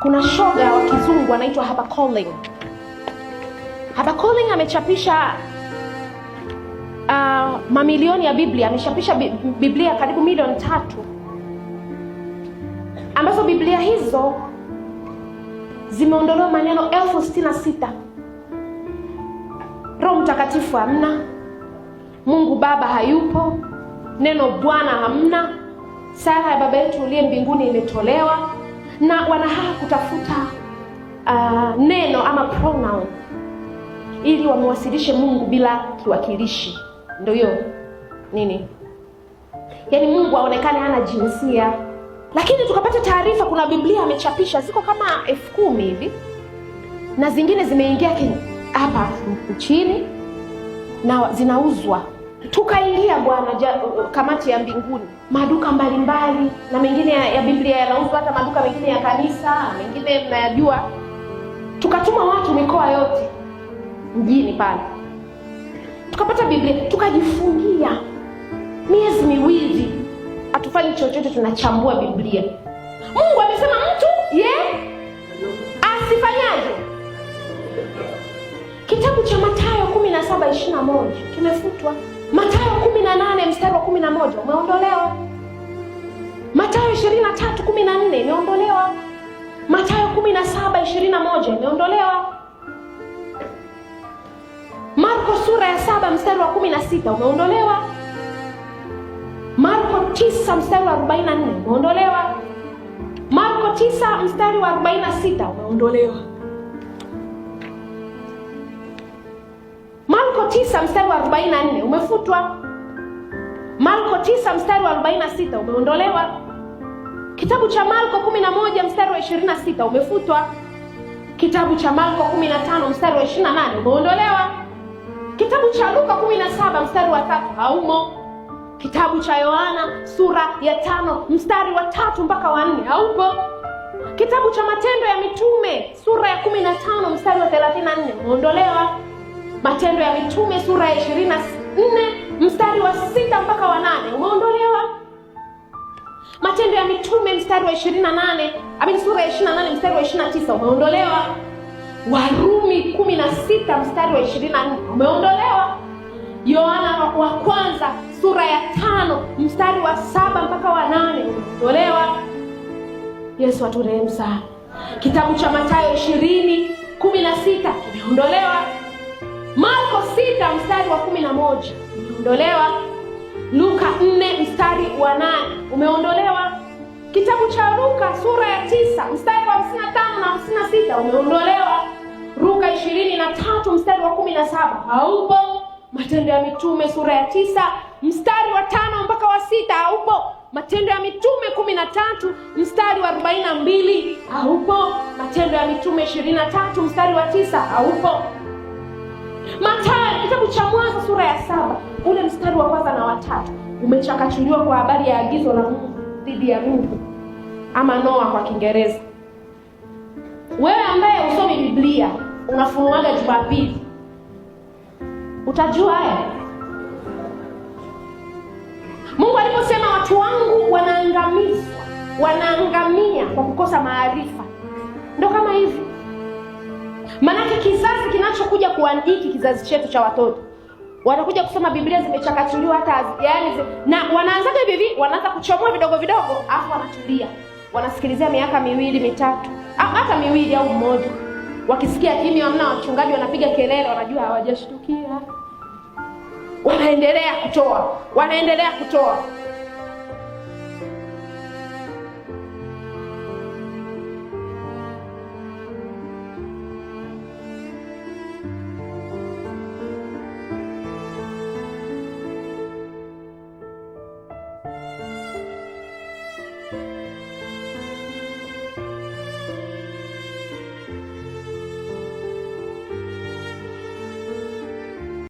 kuna shoga wa kizungu anaitwa Harper Collins. Harper Collins amechapisha uh, mamilioni ya Biblia, amechapisha Biblia karibu milioni tatu ambazo Biblia hizo zimeondolewa maneno elfu sitini na sita. Roho Mtakatifu hamna, Mungu Baba hayupo, neno Bwana hamna, sala ya Baba yetu uliye mbinguni imetolewa na wanahaa kutafuta uh, neno ama pronoun ili wamwasilishe Mungu bila kiwakilishi, ndio hiyo nini, yaani Mungu aonekane hana jinsia. Lakini tukapata taarifa, kuna Biblia amechapisha ziko kama elfu kumi hivi na zingine zimeingia hapa nchini na zinauzwa tukaingia bwana kamati ya mbinguni, maduka mbalimbali mbali, na mengine ya, ya Biblia yanauzwa, hata maduka mengine ya kanisa mengine mnayajua. Tukatuma watu mikoa yote mjini pale, tukapata Biblia tukajifungia miezi miwili, hatufanyi chochote, tunachambua Biblia. Mungu amesema mtu ye yeah, asifanyaje? Kitabu cha Mathayo 17:21 kimefutwa matayo kumi na nane mstari wa kumi na moja umeondolewa. matayo ishirini na tatu kumi na nne imeondolewa. matayo kumi na saba ishirini na moja imeondolewa. Marko sura ya saba mstari wa kumi na sita umeondolewa. Marko tisa mstari wa arobaini na nne umeondolewa. Marko tisa mstari wa arobaini na sita umeondolewa. 9 mstari wa 44 umefutwa. Marko 9 mstari wa 46 umeondolewa. Kitabu cha Marko 11 mstari wa 26 umefutwa. Kitabu cha Marko 15 mstari wa 28 umeondolewa. Kitabu cha Luka 17 mstari wa tatu haumo. Kitabu cha Yohana sura ya tano mstari wa tatu mpaka wa nne haupo. Kitabu cha Matendo ya Mitume sura ya 15 mstari wa 34 umeondolewa. Matendo ya Mitume sura ya 24 na mstari wa sita mpaka wa nane umeondolewa. Matendo ya Mitume mstari wa 28 na amini sura ya 28 mstari wa 29 umeondolewa. Warumi kumi na sita mstari wa 24 umeondolewa. Yohana wa kwanza sura ya tano mstari wa saba mpaka wa nane umeondolewa. Yesu aturehemu sana. Kitabu cha Mathayo ishirini kumi na sita kimeondolewa Marko sita mstari wa kumi na moja umeondolewa. Luka 4 mstari wa 8 umeondolewa. Kitabu cha Luka sura ya tisa mstari wa 55 na sita umeondolewa. Luka tatu mstari wa kumi na saba haupo. Matendo ya Mitume sura ya tisa mstari wa tano mpaka wa sita haupo. Matendo ya Mitume kumi na tatu mstari wa arobaini na mbili haupo. Matendo ya Mitume ishirini na tatu mstari wa tisa haupo. Mathayo kitabu cha Mwanzo sura ya saba ule mstari wa kwanza na watatu umechakachuliwa kwa habari ya agizo la Mungu dhidi ya Mungu ama Noa kwa Kiingereza. Wewe ambaye usomi Biblia unafunuaga Jumapili utajua haya. Mungu aliposema watu wangu wanaangamizwa, wanaangamia kwa kukosa maarifa, ndo kama hivi Maanake kizazi kinachokuja kuandiki kizazi chetu cha watoto wanakuja kusoma Biblia zimechakachuliwa hata yaani, na wanaanzaga hivi hivi, wanaanza kuchomoa vidogo vidogo, afu wanatulia, wanasikilizia miaka miwili mitatu, hata miwili au mmoja. Wakisikia kimya, hamna wachungaji wanapiga kelele, wanajua hawajashtukia, wanaendelea kutoa, wanaendelea kutoa